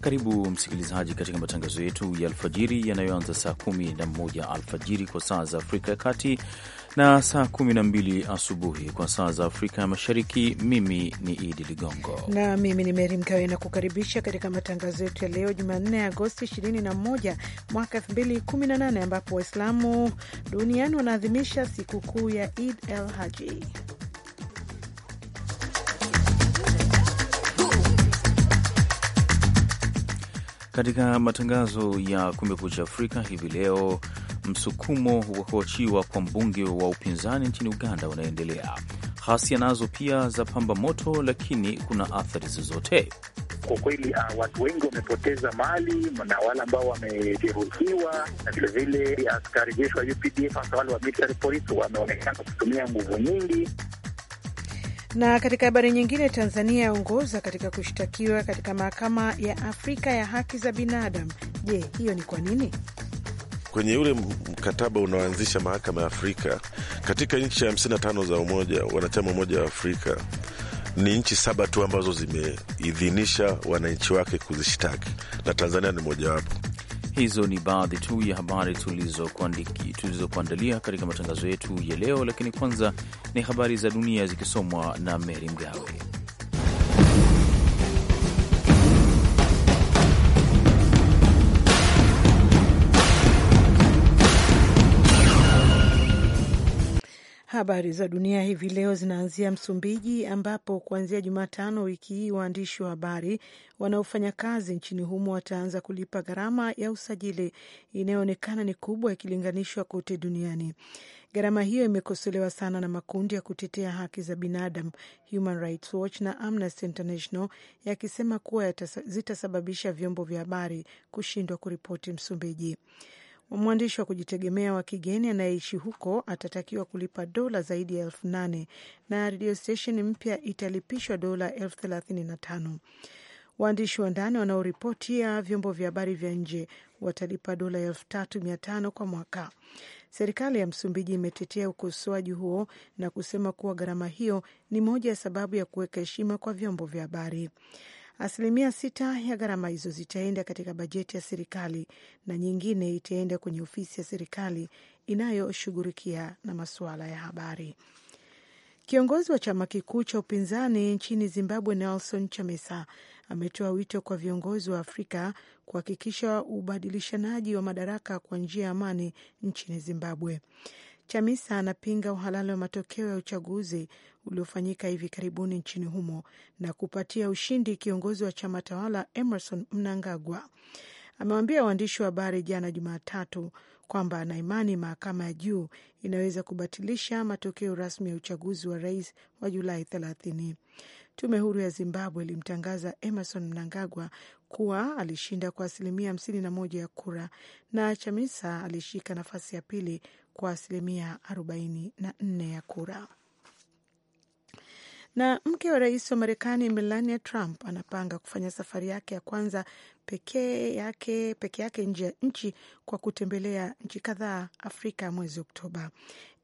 Karibu msikilizaji, katika matangazo yetu ya alfajiri yanayoanza saa moja alfajiri kwa saa za Afrika ya Kati na saa 12 asubuhi kwa saa za Afrika ya Mashariki. Mimi ni Idi Ligongo na mimi ni Meri Mkawe na kukaribisha katika matangazo yetu ya leo Jumanne, Agosti 21 mwaka 2018 ambapo Waislamu duniani wanaadhimisha sikukuu ya Id el Haji. Katika matangazo ya Kumekucha Afrika hivi leo, msukumo wa kuachiwa kwa mbunge wa upinzani nchini Uganda unaendelea. Ghasia nazo pia za pamba moto, lakini kuna athari zozote? Kwa kweli uh, watu wengi wamepoteza mali na wale ambao wamejeruhiwa, na vilevile askari jeshi wa UPDF hasa wale wa military police wameonekana kutumia nguvu nyingi. Na katika habari nyingine, Tanzania yaongoza katika kushtakiwa katika mahakama ya Afrika ya haki za binadamu. Je, hiyo ni kwa nini? Kwenye ule mkataba unaoanzisha mahakama ya Afrika katika nchi ya 55 za umoja wanachama Umoja wa Afrika ni nchi saba tu ambazo zimeidhinisha wananchi wake kuzishtaki na Tanzania ni mojawapo. Hizo ni baadhi tu ya habari tulizokuandalia katika matangazo yetu ya leo, lakini kwanza ni habari za dunia zikisomwa na Meri Mgawe. Habari za dunia hivi leo zinaanzia Msumbiji, ambapo kuanzia Jumatano wiki hii waandishi wa habari wanaofanya kazi nchini humo wataanza kulipa gharama ya usajili inayoonekana ni kubwa ikilinganishwa kote duniani. Gharama hiyo imekosolewa sana na makundi ya kutetea haki za binadamu Human Rights Watch na Amnesty International yakisema kuwa zitasababisha vyombo vya habari kushindwa kuripoti Msumbiji. Mwandishi wa kujitegemea wa kigeni anayeishi huko atatakiwa kulipa dola zaidi ya elfu nane na redio stesheni mpya italipishwa dola elfu thelathini na tano. Waandishi wa ndani wanaoripoti ya vyombo vya habari vya nje watalipa dola elfu tatu mia tano kwa mwaka. Serikali ya Msumbiji imetetea ukosoaji huo na kusema kuwa gharama hiyo ni moja ya sababu ya kuweka heshima kwa vyombo vya habari. Asilimia sita ya gharama hizo zitaenda katika bajeti ya serikali na nyingine itaenda kwenye ofisi ya serikali inayoshughulikia na masuala ya habari. Kiongozi wa chama kikuu cha upinzani nchini Zimbabwe, Nelson Chamisa, ametoa wito kwa viongozi wa Afrika kuhakikisha ubadilishanaji wa madaraka kwa njia ya amani nchini Zimbabwe. Chamisa anapinga uhalali wa matokeo ya uchaguzi uliofanyika hivi karibuni nchini humo na kupatia ushindi kiongozi wa chama tawala Emerson Mnangagwa. Amewaambia waandishi wa habari jana Jumatatu kwamba anaimani mahakama ya juu inaweza kubatilisha matokeo rasmi ya uchaguzi wa rais wa Julai 30. Tume huru ya Zimbabwe ilimtangaza Emerson Mnangagwa kuwa alishinda kwa asilimia 51 ya kura na Chamisa alishika nafasi ya pili kwa asilimia 44 ya kura. Na mke wa rais wa Marekani Melania Trump anapanga kufanya safari yake ya kwanza pekee yake peke yake nje ya nchi kwa kutembelea nchi kadhaa Afrika mwezi Oktoba.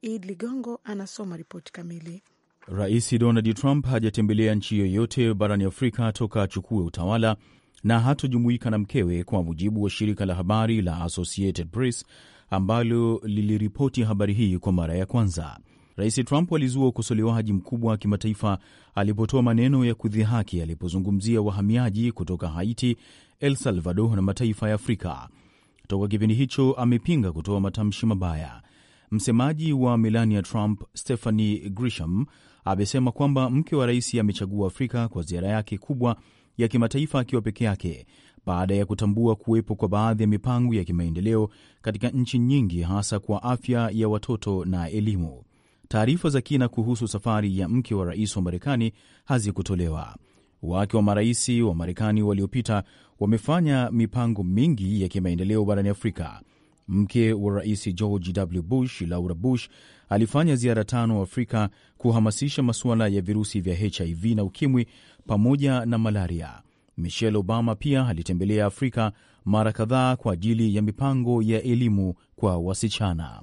Id Ligongo anasoma ripoti kamili. Rais Donald Trump hajatembelea nchi yoyote barani Afrika toka achukue utawala na hatojumuika na mkewe, kwa mujibu wa shirika la habari la Associated Press ambalo liliripoti habari hii kwa mara ya kwanza. Rais Trump alizua ukosolewaji mkubwa wa kimataifa alipotoa maneno ya kudhihaki alipozungumzia wahamiaji kutoka Haiti, el Salvador na mataifa ya Afrika. Toka kipindi hicho amepinga kutoa matamshi mabaya. Msemaji wa Melania Trump, Stephanie Grisham, amesema kwamba mke wa rais amechagua Afrika kwa ziara yake kubwa ya kimataifa akiwa peke yake baada ya kutambua kuwepo kwa baadhi ya mipango ya kimaendeleo katika nchi nyingi hasa kwa afya ya watoto na elimu. Taarifa za kina kuhusu safari ya mke wa rais wa Marekani hazikutolewa. Wake wa marais wa Marekani waliopita wamefanya mipango mingi ya kimaendeleo barani Afrika. Mke wa rais George W. Bush, Laura Bush, alifanya ziara tano Afrika kuhamasisha masuala ya virusi vya HIV na ukimwi pamoja na malaria. Michelle Obama pia alitembelea Afrika mara kadhaa kwa ajili ya mipango ya elimu kwa wasichana.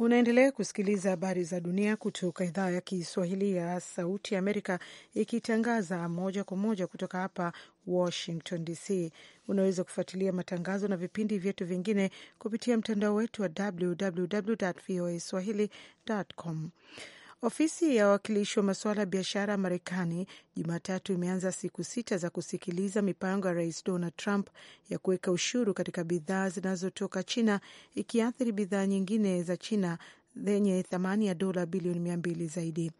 Unaendelea kusikiliza habari za dunia kutoka idhaa ya Kiswahili ya Sauti Amerika, ikitangaza moja kwa moja kutoka hapa Washington DC. Unaweza kufuatilia matangazo na vipindi vyetu vingine kupitia mtandao wetu wa www voa swahili com Ofisi ya wawakilishi wa masuala ya biashara ya Marekani Jumatatu imeanza siku sita za kusikiliza mipango ya Rais Donald Trump ya kuweka ushuru katika bidhaa zinazotoka China, ikiathiri bidhaa nyingine za China zenye thamani ya dola bilioni mia mbili zaidi.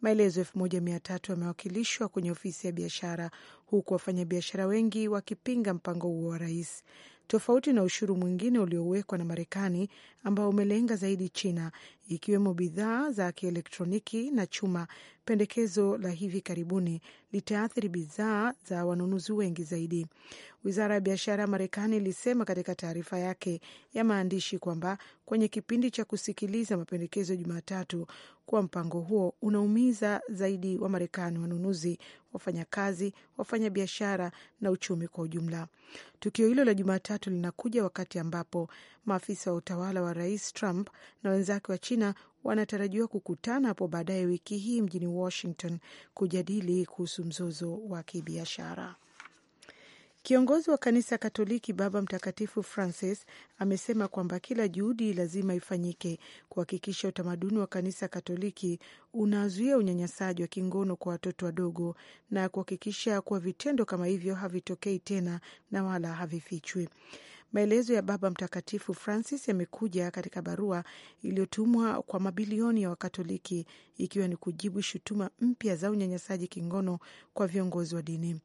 Maelezo elfu moja mia tatu yamewakilishwa kwenye ofisi ya biashara, huku wafanyabiashara wengi wakipinga mpango huo wa rais. Tofauti na ushuru mwingine uliowekwa na Marekani ambao umelenga zaidi China, ikiwemo bidhaa za kielektroniki na chuma. Pendekezo la hivi karibuni litaathiri bidhaa za wanunuzi wengi zaidi. Wizara ya biashara ya Marekani ilisema katika taarifa yake ya maandishi kwamba kwenye kipindi cha kusikiliza mapendekezo Jumatatu kuwa mpango huo unaumiza zaidi wa Marekani wanunuzi, wafanyakazi, wafanyabiashara na uchumi kwa ujumla. Tukio hilo la Jumatatu linakuja wakati ambapo Maafisa wa utawala wa rais Trump na wenzake wa China wanatarajiwa kukutana hapo baadaye wiki hii mjini Washington kujadili kuhusu mzozo wa kibiashara. Kiongozi wa kanisa Katoliki Baba Mtakatifu Francis amesema kwamba kila juhudi lazima ifanyike kuhakikisha utamaduni wa kanisa Katoliki unazuia unyanyasaji wa kingono kwa watoto wadogo na kuhakikisha kuwa vitendo kama hivyo havitokei tena na wala havifichwi. Maelezo ya Baba Mtakatifu Francis yamekuja katika barua iliyotumwa kwa mabilioni ya Wakatoliki ikiwa ni kujibu shutuma mpya za unyanyasaji kingono kwa viongozi wa dini.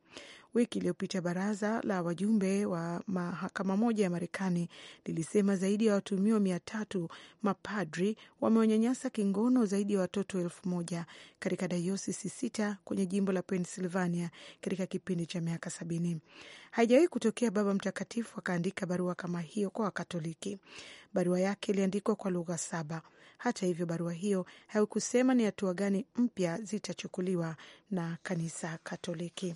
Wiki iliyopita baraza la wajumbe wa mahakama moja ya Marekani lilisema zaidi ya watumiwa mia tatu mapadri wamewanyanyasa kingono zaidi ya watoto elfu moja katika dayosisi sita kwenye jimbo la Pennsylvania katika kipindi cha miaka sabini. Haijawahi kutokea Baba Mtakatifu akaandika barua kama hiyo kwa Wakatoliki. Barua yake iliandikwa kwa lugha saba. Hata hivyo, barua hiyo haikusema ni hatua gani mpya zitachukuliwa na kanisa Katoliki.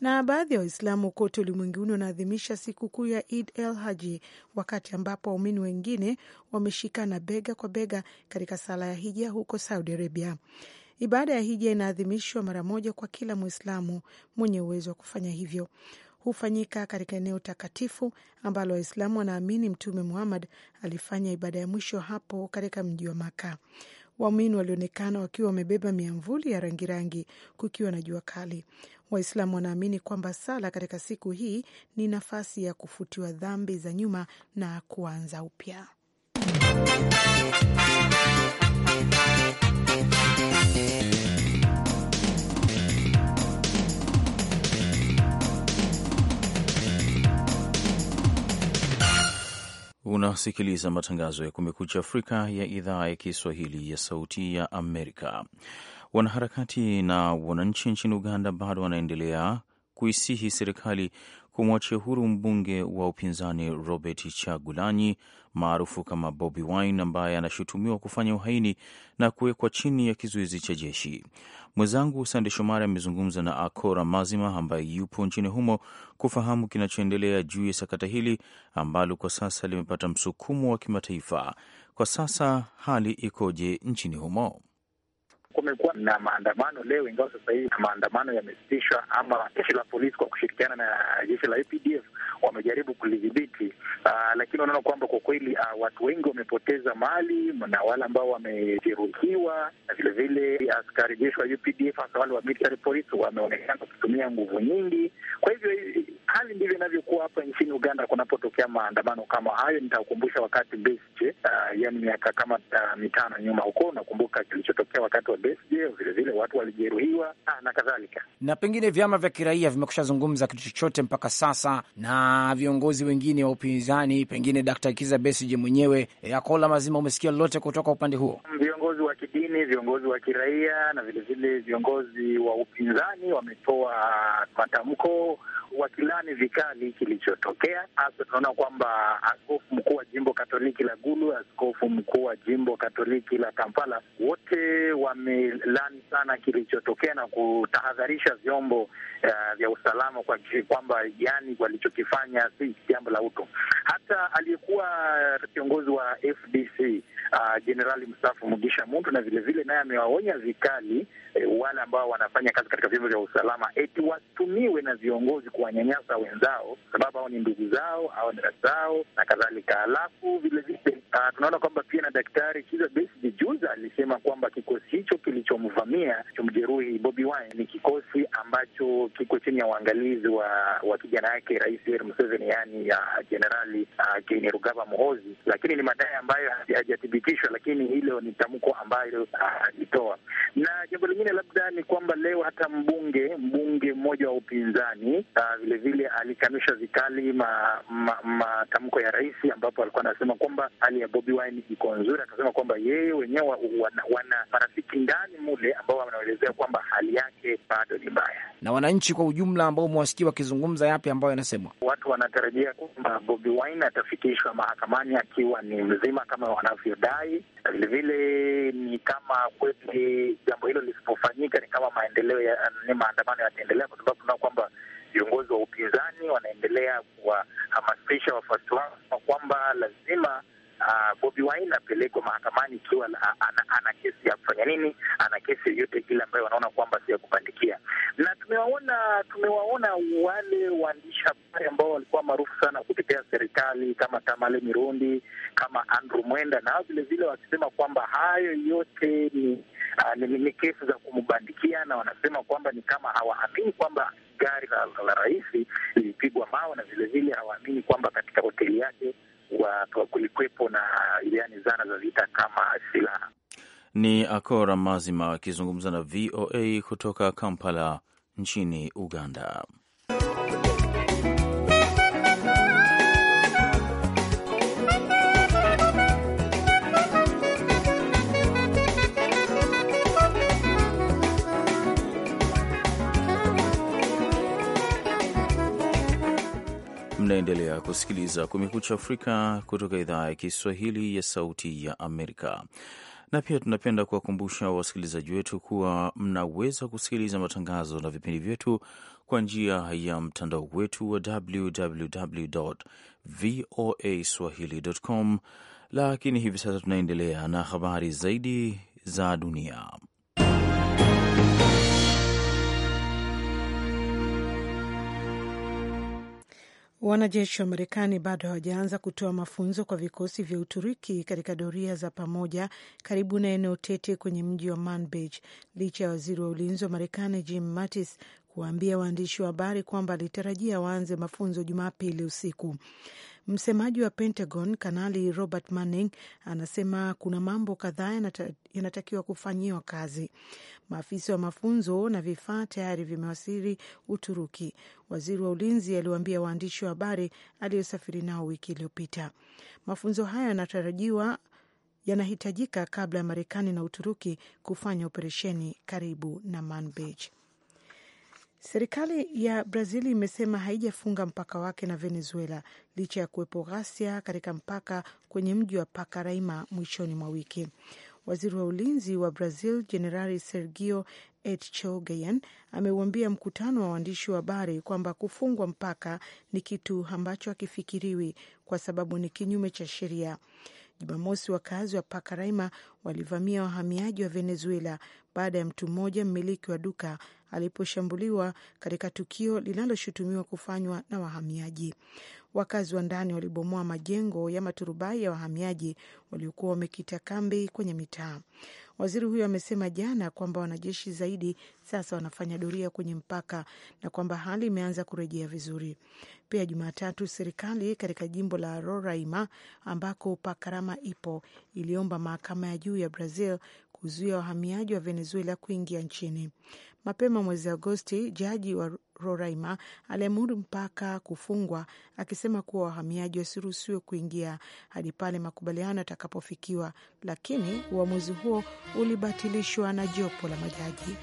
Na baadhi ya Waislamu kote ulimwenguni wanaadhimisha sikukuu ya Id el Haji, wakati ambapo waumini wengine wameshikana bega kwa bega katika sala ya hija huko Saudi Arabia. Ibada ya hija inaadhimishwa mara moja kwa kila Mwislamu mwenye uwezo wa kufanya hivyo hufanyika katika eneo takatifu ambalo Waislamu wanaamini Mtume Muhammad alifanya ibada ya mwisho hapo katika mji wa Maka. Waumini walionekana wakiwa wamebeba miamvuli ya rangi rangi kukiwa na jua kali. Waislamu wanaamini kwamba sala katika siku hii ni nafasi ya kufutiwa dhambi za nyuma na kuanza upya. Unasikiliza matangazo ya Kumekucha Afrika ya idhaa ya Kiswahili ya Sauti ya Amerika. Wanaharakati na wananchi nchini Uganda bado wanaendelea kuisihi serikali kumwachia huru mbunge wa upinzani Robert Chagulanyi maarufu kama Bobi Wine ambaye anashutumiwa kufanya uhaini na kuwekwa chini ya kizuizi cha jeshi. Mwenzangu Sande Shomari amezungumza na Akora Mazima ambaye yupo nchini humo kufahamu kinachoendelea juu ya sakata hili ambalo kwa sasa limepata msukumo wa kimataifa. Kwa sasa hali ikoje nchini humo? Kumekuwa na maandamano leo, ingawa sasa hivi maandamano yamesitishwa, ama jeshi la polisi kwa kushirikiana na jeshi la APDF wamejaribu kulidhibiti, ah, lakini wanaona kwamba kwa kweli ah, watu wengi wamepoteza mali na wale ambao wamejeruhiwa, na vilevile askari jeshi wa UPDF hasa wale wa military police wameonekana kutumia nguvu nyingi. Kwa hivyo eh, hali ndivyo inavyokuwa hapa nchini Uganda kunapotokea maandamano kama hayo. Nitakukumbusha wakati Besigye, ah, yani miaka kama uh, mitano nyuma huko, unakumbuka kilichotokea wakati wa Besigye, vilevile watu walijeruhiwa na kadhalika. Na pengine vyama vya kiraia vimekusha zungumza kitu chochote mpaka sasa na viongozi wengine wa upinzani, pengine Dkt. Kiza Besigye mwenyewe. Eh, Akola mazima, umesikia lolote kutoka upande huo? Viongozi wa kidini, viongozi wa kiraia na vilevile viongozi wa upinzani wametoa ah, matamko wakilani vikali kilichotokea. Hasa tunaona kwamba askofu mkuu wa jimbo katoliki la Gulu, askofu mkuu wa jimbo katoliki la Kampala, wote wamelani sana kilichotokea na kutahadharisha vyombo uh, vya usalama kuhakikisha kwamba yani walichokifanya si jambo la utu. Hata aliyekuwa kiongozi wa FDC jenerali ah, mstafu mstaafu Mugisha Muntu na vilevile naye amewaonya vikali eh, wale ambao wanafanya kazi katika vyombo vya usalama eti watumiwe na viongozi kuwanyanyasa wenzao, sababu hao ni ndugu zao au rafiki zao na kadhalika. Halafu vilevile Uh, tunaona kwamba pia na Daktari Kizza Besigye juza alisema kwamba kikosi hicho kilichomvamia chomjeruhi Bobi Wine ni kikosi ambacho kiko chini ya uangalizi wa wa kijana yake Rais Yoweri Museveni, yaani ya Jenerali uh, ah, Kainerugaba Muhozi, lakini ni madai ambayo hajathibitishwa, lakini hilo ni tamko ambayo ah, alitoa. Uh, na jambo lingine labda ni kwamba leo hata mbunge mbunge mmoja wa upinzani vilevile uh, alikanusha vikali matamko ma, ma, ya rais ambapo alikuwa anasema kwamba ali ya Bobi Wine iko nzuri, akasema kwamba yeye wenyewe wana, wana marafiki ndani mule ambao wanaelezea kwamba hali yake bado ni mbaya. Na wananchi kwa ujumla ambao umewasikia wakizungumza, yapi ambayo yanasemwa? Watu wanatarajia kwamba Bobi Wine atafikishwa mahakamani akiwa ni mzima kama wanavyodai, na vilevile ni kama kweli jambo hilo lisipofanyika, ni kama maendeleo ya ni maandamano yataendelea, kwa sababu tunao kwamba viongozi wa upinzani wanaendelea kuwahamasisha wafuasi wao kwamba lazima uh, Bobi Wine apelekwe mahakamani ikiwa ana, ana kesi ya kufanya nini, ana kesi yoyote kile ambayo wanaona kwamba si ya kubandikia. Na tumewaona tumewaona wale waandishi habari ambao walikuwa maarufu sana kutetea serikali kama Tamale Mirundi, kama Andrew Mwenda, na vilevile wakisema kwamba hayo yote ni Uh, ni, ni kesi za kumbandikia na wanasema kwamba ni kama hawaamini kwamba gari la, la, la rais lilipigwa mawe na vilevile hawaamini kwamba katika hoteli yake kulikwepo na yani zana za vita kama silaha. Ni Akora Mazima akizungumza na VOA kutoka Kampala nchini Uganda. Mnaendelea kusikiliza Kumekucha Afrika kutoka idhaa ya Kiswahili ya Sauti ya Amerika. Na pia tunapenda kuwakumbusha wasikilizaji wetu kuwa mnaweza kusikiliza matangazo na vipindi vyetu kwa njia ya mtandao wetu wa www voa swahili.com. Lakini hivi sasa tunaendelea na habari zaidi za dunia. Wanajeshi wa Marekani bado hawajaanza kutoa mafunzo kwa vikosi vya Uturuki katika doria za pamoja karibu na eneo tete kwenye mji wa Manbij licha ya waziri wa ulinzi wa Marekani Jim Mattis kuwaambia waandishi wa habari kwamba alitarajia waanze mafunzo Jumapili usiku. Msemaji wa Pentagon Kanali Robert Manning anasema kuna mambo kadhaa yanatakiwa kufanyiwa kazi. Maafisa wa mafunzo na vifaa tayari vimewasili Uturuki, waziri wa ulinzi aliwaambia waandishi wa habari aliyosafiri nao wiki iliyopita. Mafunzo hayo yanatarajiwa yanahitajika kabla ya Marekani na Uturuki kufanya operesheni karibu na Manbij. Serikali ya brazil imesema haijafunga mpaka wake na Venezuela licha ya kuwepo ghasia katika mpaka kwenye mji wa Pacaraima mwishoni mwa wiki. Waziri wa ulinzi wa Brazil Jenerali Sergio Etchegoyen ameuambia mkutano wa waandishi wa habari kwamba kufungwa mpaka ni kitu ambacho hakifikiriwi kwa sababu ni kinyume cha sheria. Jumamosi, wakazi wa Pakaraima walivamia wahamiaji wa Venezuela baada ya mtu mmoja mmiliki wa duka aliposhambuliwa katika tukio linaloshutumiwa kufanywa na wahamiaji. Wakazi wa ndani walibomoa majengo ya maturubai ya wahamiaji waliokuwa wamekita kambi kwenye mitaa. Waziri huyo amesema jana kwamba wanajeshi zaidi sasa wanafanya doria kwenye mpaka na kwamba hali imeanza kurejea vizuri. Pia Jumatatu, serikali katika jimbo la Roraima ambako Pakarama ipo iliomba mahakama ya juu ya Brazil kuzuia wahamiaji wa Venezuela kuingia nchini. Mapema mwezi Agosti, jaji wa Roraima aliamuru mpaka kufungwa akisema kuwa wahamiaji wasiruhusiwe kuingia hadi pale makubaliano yatakapofikiwa, lakini uamuzi huo ulibatilishwa na jopo la majaji.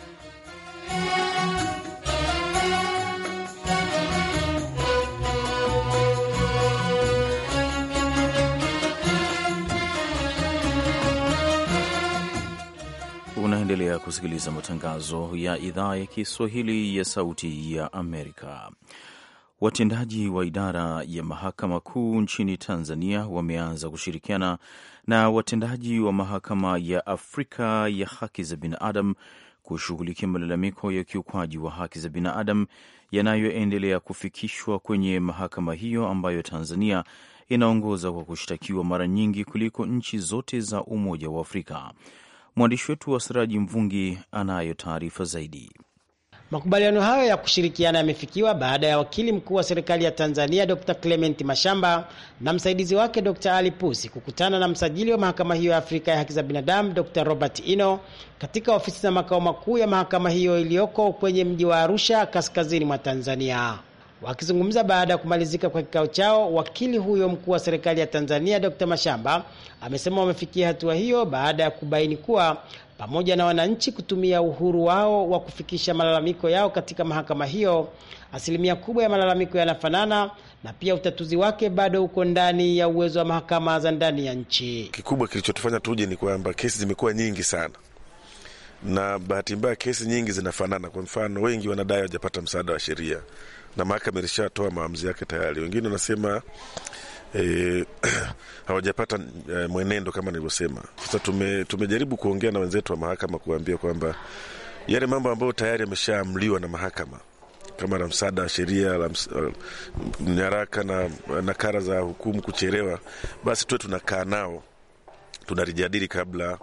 Unaendelea kusikiliza matangazo ya idhaa ya Kiswahili ya Sauti ya Amerika. Watendaji wa idara ya mahakama kuu nchini Tanzania wameanza kushirikiana na watendaji wa mahakama ya Afrika ya haki za binadamu kushughulikia malalamiko ya ukiukwaji wa haki za binadamu yanayoendelea kufikishwa kwenye mahakama hiyo ambayo Tanzania inaongoza kwa kushtakiwa mara nyingi kuliko nchi zote za Umoja wa Afrika. Mwandishi wetu wa Siraji Mvungi anayo taarifa zaidi. Makubaliano hayo ya kushirikiana yamefikiwa baada ya wakili mkuu wa serikali ya Tanzania Dr. Clement Mashamba na msaidizi wake Dr. Ali Pusi kukutana na msajili wa mahakama hiyo ya Afrika ya haki za binadamu Dr. Robert Ino katika ofisi za makao makuu ya mahakama hiyo iliyoko kwenye mji wa Arusha kaskazini mwa Tanzania. Wakizungumza baada ya kumalizika kwa kikao chao, wakili huyo mkuu wa serikali ya Tanzania Dr. Mashamba amesema wamefikia hatua hiyo baada ya kubaini kuwa pamoja na wananchi kutumia uhuru wao wa kufikisha malalamiko yao katika mahakama hiyo, asilimia kubwa ya malalamiko yanafanana na pia utatuzi wake bado uko ndani ya uwezo wa mahakama za ndani ya nchi. Kikubwa kilichotufanya tuje ni kwamba kesi zimekuwa nyingi sana, na bahati mbaya kesi nyingi zinafanana. Kwa mfano, wengi wanadai hawajapata msaada wa sheria na mahakama ilishatoa maamuzi yake tayari. Wengine wanasema E, hawajapata e, mwenendo kama nilivyosema. Sasa tume, tumejaribu kuongea na wenzetu wa mahakama kuambia kwamba yale mambo ambayo tayari yameshaamliwa na mahakama kama la msaada wa sheria la uh, nyaraka na nakara za hukumu kuchelewa, basi tuwe tunakaa nao tunalijadili kabla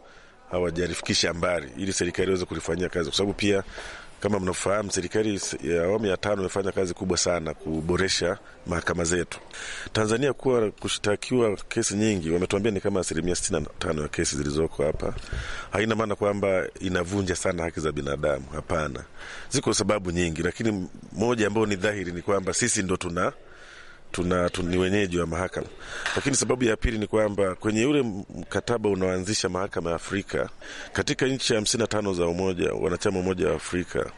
hawajalifikisha mbali, ili serikali iweze kulifanyia kazi, kwa sababu pia kama mnafahamu, serikali ya awamu ya tano imefanya kazi kubwa sana kuboresha mahakama zetu Tanzania. Kuwa kushtakiwa kesi nyingi, wametuambia ni kama asilimia sitini na tano ya kesi zilizoko hapa. Haina maana kwamba inavunja sana haki za binadamu, hapana. Ziko sababu nyingi, lakini moja ambayo ni dhahiri ni kwamba sisi ndo tuna tuna, tuna, ni wenyeji wa mahakama. Lakini sababu ya pili ni kwamba kwenye ule mkataba unaoanzisha mahakama ya Afrika katika nchi hamsini na tano za umoja wanachama Umoja wa Afrika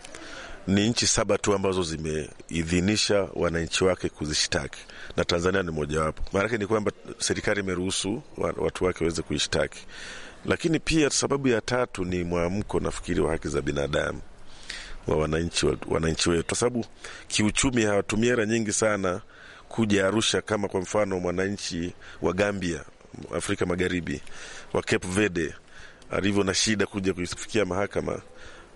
ni nchi saba tu ambazo zimeidhinisha wananchi wake kuzishtaki na Tanzania ni mojawapo. Maanake ni kwamba serikali imeruhusu watu wake waweze kuishtaki. Lakini pia sababu ya tatu ni mwamko, nafikiri, wa haki za binadamu wa wananchi wetu, kwa sababu kiuchumi hawatumia hela nyingi sana kuja Arusha, kama kwa mfano mwananchi wa Gambia, Afrika Magharibi, wa Cape Verde alivyo na shida kuja kuifikia mahakama,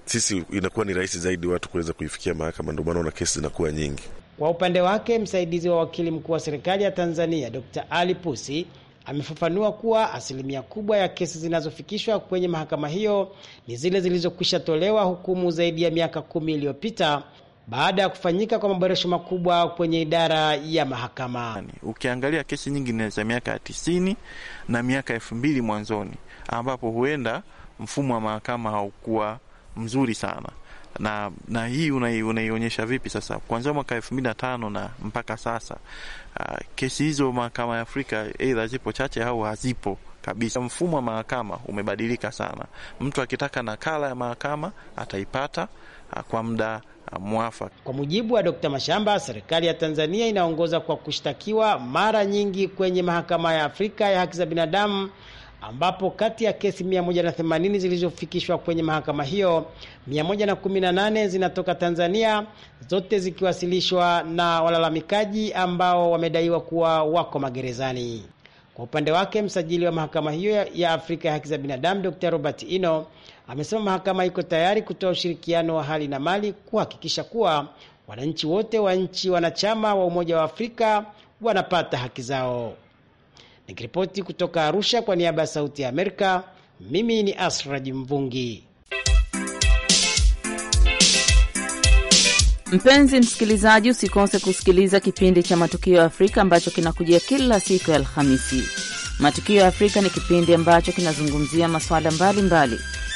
sisi inakuwa ni rahisi zaidi watu kuweza kuifikia mahakama, ndio maana na kesi zinakuwa nyingi. Kwa upande wake msaidizi wa wakili mkuu wa serikali ya Tanzania Dr. Ali Pusi amefafanua kuwa asilimia kubwa ya kesi zinazofikishwa kwenye mahakama hiyo ni zile zilizokwisha tolewa hukumu zaidi ya miaka kumi iliyopita baada ya kufanyika kwa maboresho makubwa kwenye idara ya mahakama. Ukiangalia kesi nyingi ni za miaka ya tisini na miaka elfu mbili mwanzoni, ambapo huenda mfumo wa mahakama haukuwa mzuri sana na na hii unaionyesha una vipi sasa? Kuanzia mwaka elfu mbili na tano na mpaka sasa, uh, kesi hizo mahakama ya Afrika eidha zipo chache au hazipo kabisa. Mfumo wa mahakama umebadilika sana. Mtu akitaka nakala ya mahakama ataipata, uh, kwa muda mwafaka. Kwa mujibu wa Dr. Mashamba, serikali ya Tanzania inaongoza kwa kushtakiwa mara nyingi kwenye mahakama ya Afrika ya haki za binadamu ambapo kati ya kesi 180 zilizofikishwa kwenye mahakama hiyo 118 zinatoka Tanzania, zote zikiwasilishwa na walalamikaji ambao wamedaiwa kuwa wako magerezani. Kwa upande wake, msajili wa mahakama hiyo ya Afrika ya haki za binadamu Dr. Robert Ino amesema mahakama iko tayari kutoa ushirikiano wa hali na mali kuhakikisha kuwa wananchi wote wa nchi wanachama wa Umoja wa Afrika wanapata haki zao. Nikiripoti kutoka Arusha kwa niaba ya Sauti ya Amerika, mimi ni Asraji Mvungi. Mpenzi msikilizaji, usikose kusikiliza kipindi cha Matukio ya Afrika ambacho kinakujia kila siku ya Alhamisi. Matukio ya Afrika ni kipindi ambacho kinazungumzia masuala mbalimbali mbali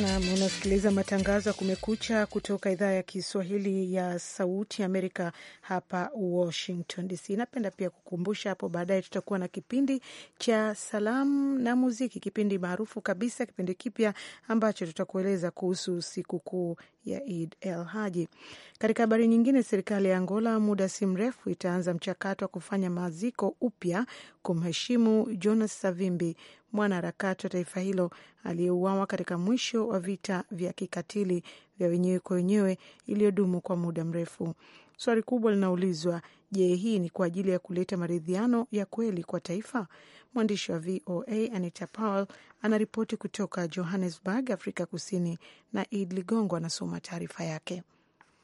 Nam, unasikiliza matangazo ya Kumekucha kutoka idhaa ya Kiswahili ya Sauti Amerika hapa Washington DC. Napenda pia kukumbusha hapo baadaye tutakuwa na kipindi cha salamu na muziki, kipindi maarufu kabisa, kipindi kipya ambacho tutakueleza kuhusu sikukuu ya Id el Haji. Katika habari nyingine, serikali ya Angola muda si mrefu itaanza mchakato wa kufanya maziko upya kumheshimu Jonas Savimbi, mwanaharakati wa taifa hilo aliyeuawa katika mwisho wa vita vya kikatili vya wenyewe kwa wenyewe iliyodumu kwa muda mrefu. Swali kubwa linaulizwa, je, hii ni kwa ajili ya kuleta maridhiano ya kweli kwa taifa? Mwandishi wa VOA Anita Powell anaripoti kutoka Johannesburg, Afrika Kusini, na Id Ligongo anasoma taarifa yake.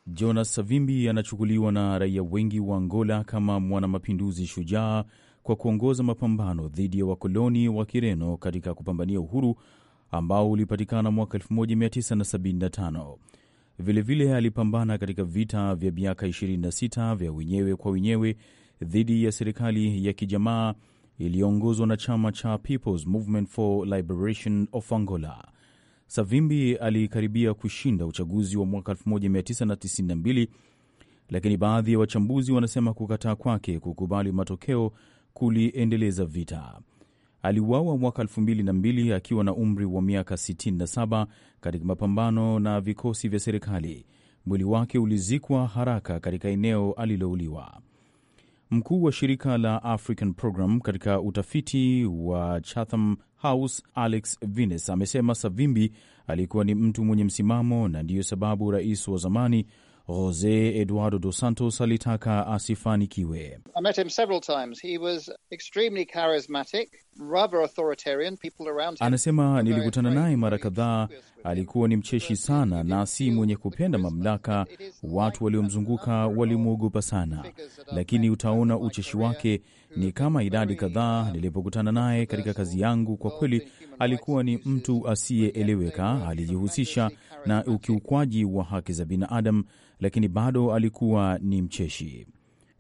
Jonas Savimbi anachukuliwa na raia wengi wa Angola kama mwanamapinduzi shujaa kwa kuongoza mapambano dhidi ya wakoloni wa Kireno katika kupambania uhuru ambao ulipatikana mwaka 1975. Vilevile alipambana katika vita vya miaka 26 vya wenyewe kwa wenyewe dhidi ya serikali ya kijamaa iliyoongozwa na chama cha People's Movement for Liberation of Angola. Savimbi alikaribia kushinda uchaguzi wa mwaka 1992, lakini baadhi ya wa wachambuzi wanasema kukataa kwake kukubali matokeo kuliendeleza vita. Aliuawa mwaka 2002 akiwa na umri wa miaka 67 katika mapambano na vikosi vya serikali. Mwili wake ulizikwa haraka katika eneo alilouliwa. Mkuu wa shirika la African Program katika utafiti wa Chatham House Alex Vines amesema Savimbi alikuwa ni mtu mwenye msimamo, na ndiyo sababu rais wa zamani Jose Eduardo Dos Santos alitaka asifanikiwe. Anasema, nilikutana naye mara kadhaa, alikuwa ni mcheshi sana na si mwenye kupenda mamlaka. Watu waliomzunguka walimwogopa sana, lakini utaona ucheshi wake ni kama idadi kadhaa nilipokutana naye katika kazi yangu. Kwa kweli, alikuwa ni mtu asiyeeleweka, alijihusisha na ukiukwaji wa haki za binadamu, lakini bado alikuwa ni mcheshi.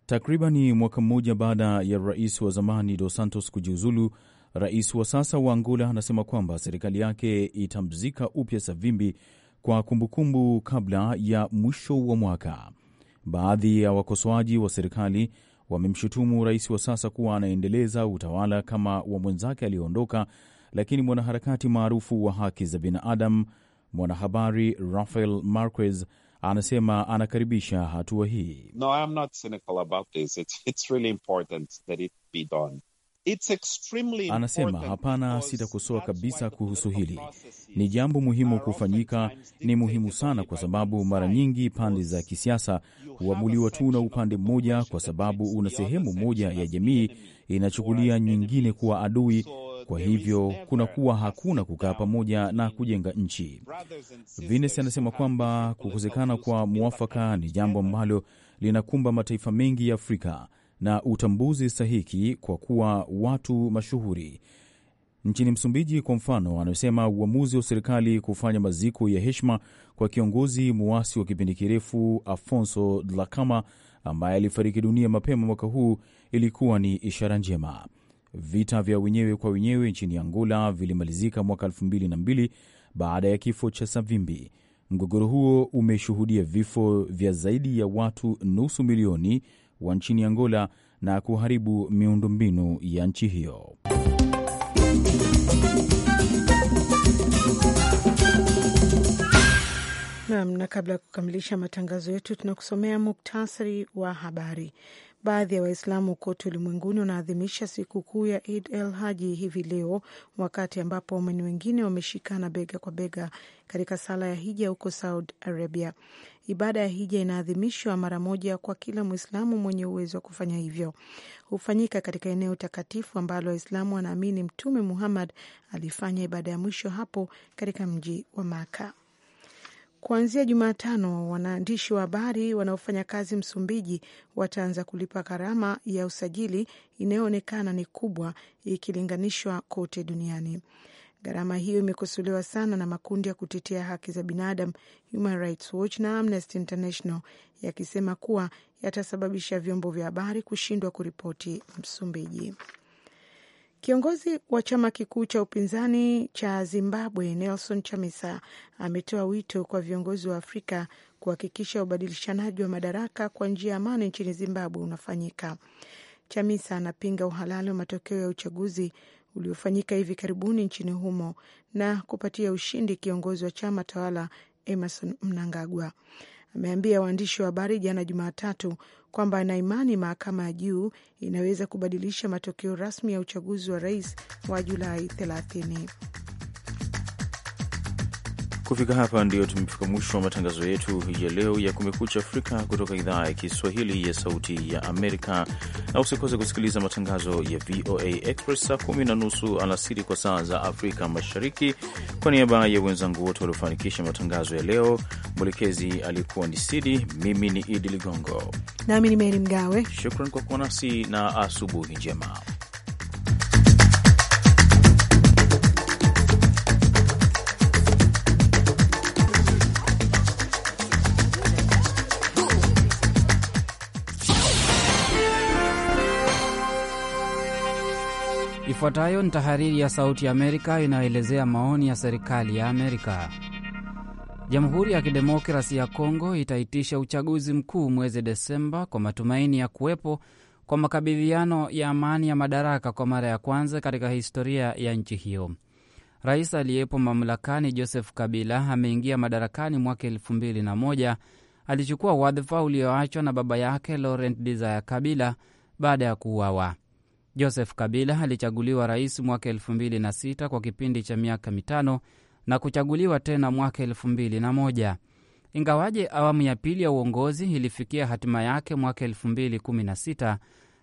Takribani mwaka mmoja baada ya rais wa zamani Dos Santos kujiuzulu, rais wa sasa wa Angola anasema kwamba serikali yake itamzika upya Savimbi kwa kumbukumbu kabla ya mwisho wa mwaka. Baadhi ya wakosoaji wa serikali wamemshutumu rais wa sasa kuwa anaendeleza utawala kama wa mwenzake aliyoondoka, lakini mwanaharakati maarufu wa haki za binadamu, mwanahabari Rafael Marquez anasema anakaribisha hatua hii. No, Anasema hapana, sitakosoa kabisa kuhusu hili. Ni jambo muhimu kufanyika, ni muhimu sana, kwa sababu mara nyingi pande za kisiasa huamuliwa tu na upande mmoja, kwa sababu una sehemu moja ya jamii inachukulia nyingine kuwa adui. Kwa hivyo kunakuwa hakuna kukaa pamoja na kujenga nchi. Vines anasema kwamba kukosekana kwa mwafaka ni jambo ambalo linakumba mataifa mengi ya Afrika na utambuzi stahiki kwa kuwa watu mashuhuri. Nchini Msumbiji kwa mfano, anasema uamuzi wa serikali kufanya maziko ya heshima kwa kiongozi muasi wa kipindi kirefu Afonso Dhlakama ambaye alifariki dunia mapema mwaka huu ilikuwa ni ishara njema. Vita vya wenyewe kwa wenyewe nchini Angola vilimalizika mwaka elfu mbili na mbili baada ya kifo cha Savimbi. Mgogoro huo umeshuhudia vifo vya zaidi ya watu nusu milioni wa nchini Angola na kuharibu miundombinu ya nchi hiyo. Nam, na kabla ya kukamilisha matangazo yetu, tunakusomea muktasari wa habari. Baadhi ya Waislamu kote ulimwenguni wanaadhimisha siku kuu ya Id el Haji hivi leo, wakati ambapo waumini wengine wameshikana bega kwa bega katika sala ya hija huko Saudi Arabia. Ibada ya hija inaadhimishwa mara moja kwa kila Mwislamu mwenye uwezo wa kufanya hivyo. Hufanyika katika eneo takatifu ambalo Waislamu wanaamini Mtume Muhammad alifanya ibada ya mwisho hapo katika mji wa Maka. Kuanzia Jumatano, wanaandishi wa habari wanaofanya kazi Msumbiji wataanza kulipa gharama ya usajili inayoonekana ni kubwa ikilinganishwa kote duniani. Gharama hiyo imekosolewa sana na makundi ya kutetea haki za binadamu Human Rights Watch na Amnesty International yakisema kuwa yatasababisha vyombo vya habari kushindwa kuripoti Msumbiji. Kiongozi wa chama kikuu cha upinzani cha Zimbabwe Nelson Chamisa ametoa wito kwa viongozi wa Afrika kuhakikisha ubadilishanaji wa madaraka kwa njia ya amani nchini Zimbabwe unafanyika. Chamisa anapinga uhalali wa matokeo ya uchaguzi uliofanyika hivi karibuni nchini humo na kupatia ushindi kiongozi wa chama tawala Emerson Mnangagwa. Ameambia waandishi wa habari jana Jumatatu kwamba ana imani mahakama ya juu inaweza kubadilisha matokeo rasmi ya uchaguzi wa rais wa Julai 30. Kufika hapa ndio tumefika mwisho wa matangazo yetu ya leo ya Kumekucha Afrika kutoka idhaa ya Kiswahili ya Sauti ya Amerika, na usikose kusikiliza matangazo ya VOA Express saa kumi na nusu alasiri kwa saa za Afrika Mashariki. Kwa niaba ya wenzangu wote waliofanikisha matangazo ya leo, mwelekezi aliyekuwa ni Sidi, mimi ni Idi Ligongo nami ni Meri Mgawe. Shukran kwa kuwa nasi na asubuhi njema. Ifuatayo ni tahariri ya Sauti ya Amerika inayoelezea maoni ya serikali ya Amerika. Jamhuri ya Kidemokrasi ya Kongo itaitisha uchaguzi mkuu mwezi Desemba kwa matumaini ya kuwepo kwa makabidhiano ya amani ya madaraka kwa mara ya kwanza katika historia ya nchi hiyo. Rais aliyepo mamlakani Joseph Kabila ameingia madarakani mwaka elfu mbili na moja. Alichukua wadhifa ulioachwa na baba yake Laurent Desire Kabila baada ya kuuawa. Joseph Kabila alichaguliwa rais mwaka elfu mbili na sita kwa kipindi cha miaka mitano na kuchaguliwa tena mwaka elfu mbili na moja ingawaje awamu ya pili ya uongozi ilifikia hatima yake mwaka elfu mbili kumi na sita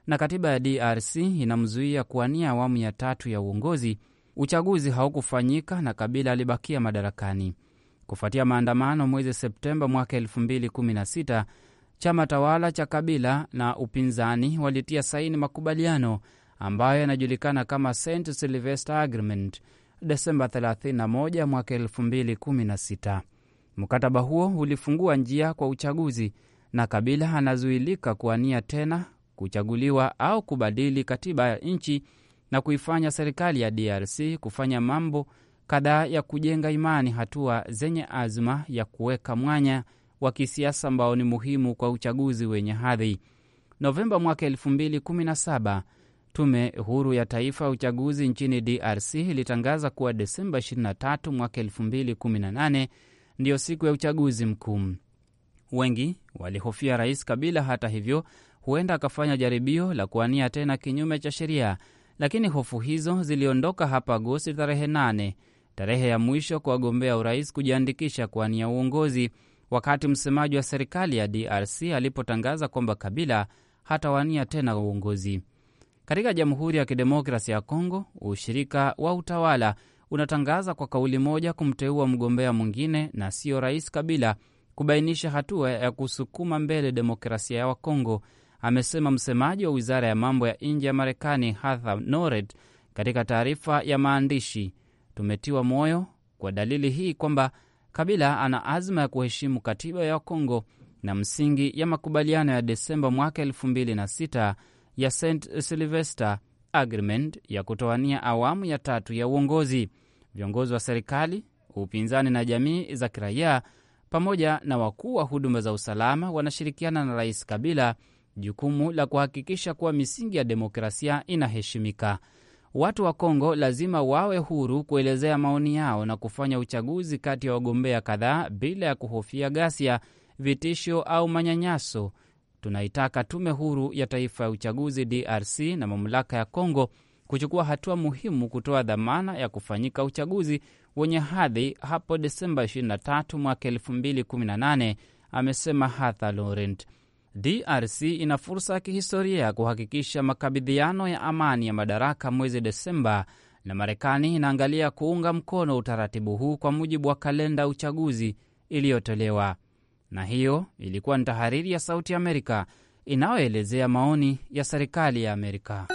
na katiba ya DRC inamzuia kuwania awamu ya tatu ya uongozi, uchaguzi haukufanyika na Kabila alibakia madarakani. Kufuatia maandamano mwezi Septemba mwaka elfu mbili kumi na sita, chama tawala cha Kabila na upinzani walitia saini makubaliano ambayo yanajulikana kama St Sylvester Agreement Desemba 31 mwaka 2016. Mkataba huo ulifungua njia kwa uchaguzi na Kabila anazuilika kuania tena kuchaguliwa au kubadili katiba ya nchi na kuifanya serikali ya DRC kufanya mambo kadhaa ya kujenga imani, hatua zenye azma ya kuweka mwanya wa kisiasa ambao ni muhimu kwa uchaguzi wenye hadhi. Novemba mwaka 2017 Tume Huru ya Taifa ya Uchaguzi nchini DRC ilitangaza kuwa Desemba 23 mwaka 2018 ndiyo siku ya uchaguzi mkuu. Wengi walihofia Rais Kabila, hata hivyo, huenda akafanya jaribio la kuwania tena kinyume cha sheria, lakini hofu hizo ziliondoka hapa Agosti tarehe 8, tarehe ya mwisho kwa wagombea urais kujiandikisha kuwania uongozi, wakati msemaji wa serikali ya DRC alipotangaza kwamba Kabila hatawania tena uongozi. Katika Jamhuri ya Kidemokrasi ya Kongo, ushirika wa utawala unatangaza kwa kauli moja kumteua mgombea mwingine na sio Rais Kabila, kubainisha hatua ya kusukuma mbele demokrasia ya Wakongo, amesema msemaji wa wizara ya mambo ya nje ya Marekani Heather Nauert katika taarifa ya maandishi. Tumetiwa moyo kwa dalili hii kwamba Kabila ana azma ya kuheshimu katiba ya wakongo na msingi ya makubaliano ya Desemba mwaka elfu mbili na sita ya St Sylvester Agreement ya kutoania awamu ya tatu ya uongozi. Viongozi wa serikali, upinzani na jamii za kiraia pamoja na wakuu wa huduma za usalama wanashirikiana na Rais Kabila jukumu la kuhakikisha kuwa misingi ya demokrasia inaheshimika. Watu wa Kongo lazima wawe huru kuelezea maoni yao na kufanya uchaguzi kati ya wagombea kadhaa bila ya kuhofia ghasia, vitisho au manyanyaso, tunaitaka Tume Huru ya Taifa ya Uchaguzi DRC na mamlaka ya congo kuchukua hatua muhimu kutoa dhamana ya kufanyika uchaguzi wenye hadhi hapo Desemba 23 mwaka 2018, amesema Hatha Laurent. DRC ina fursa ya kihistoria ya kuhakikisha makabidhiano ya amani ya madaraka mwezi Desemba, na Marekani inaangalia kuunga mkono utaratibu huu kwa mujibu wa kalenda uchaguzi iliyotolewa. Na hiyo ilikuwa ni tahariri ya Sauti ya Amerika inayoelezea maoni ya serikali ya Amerika.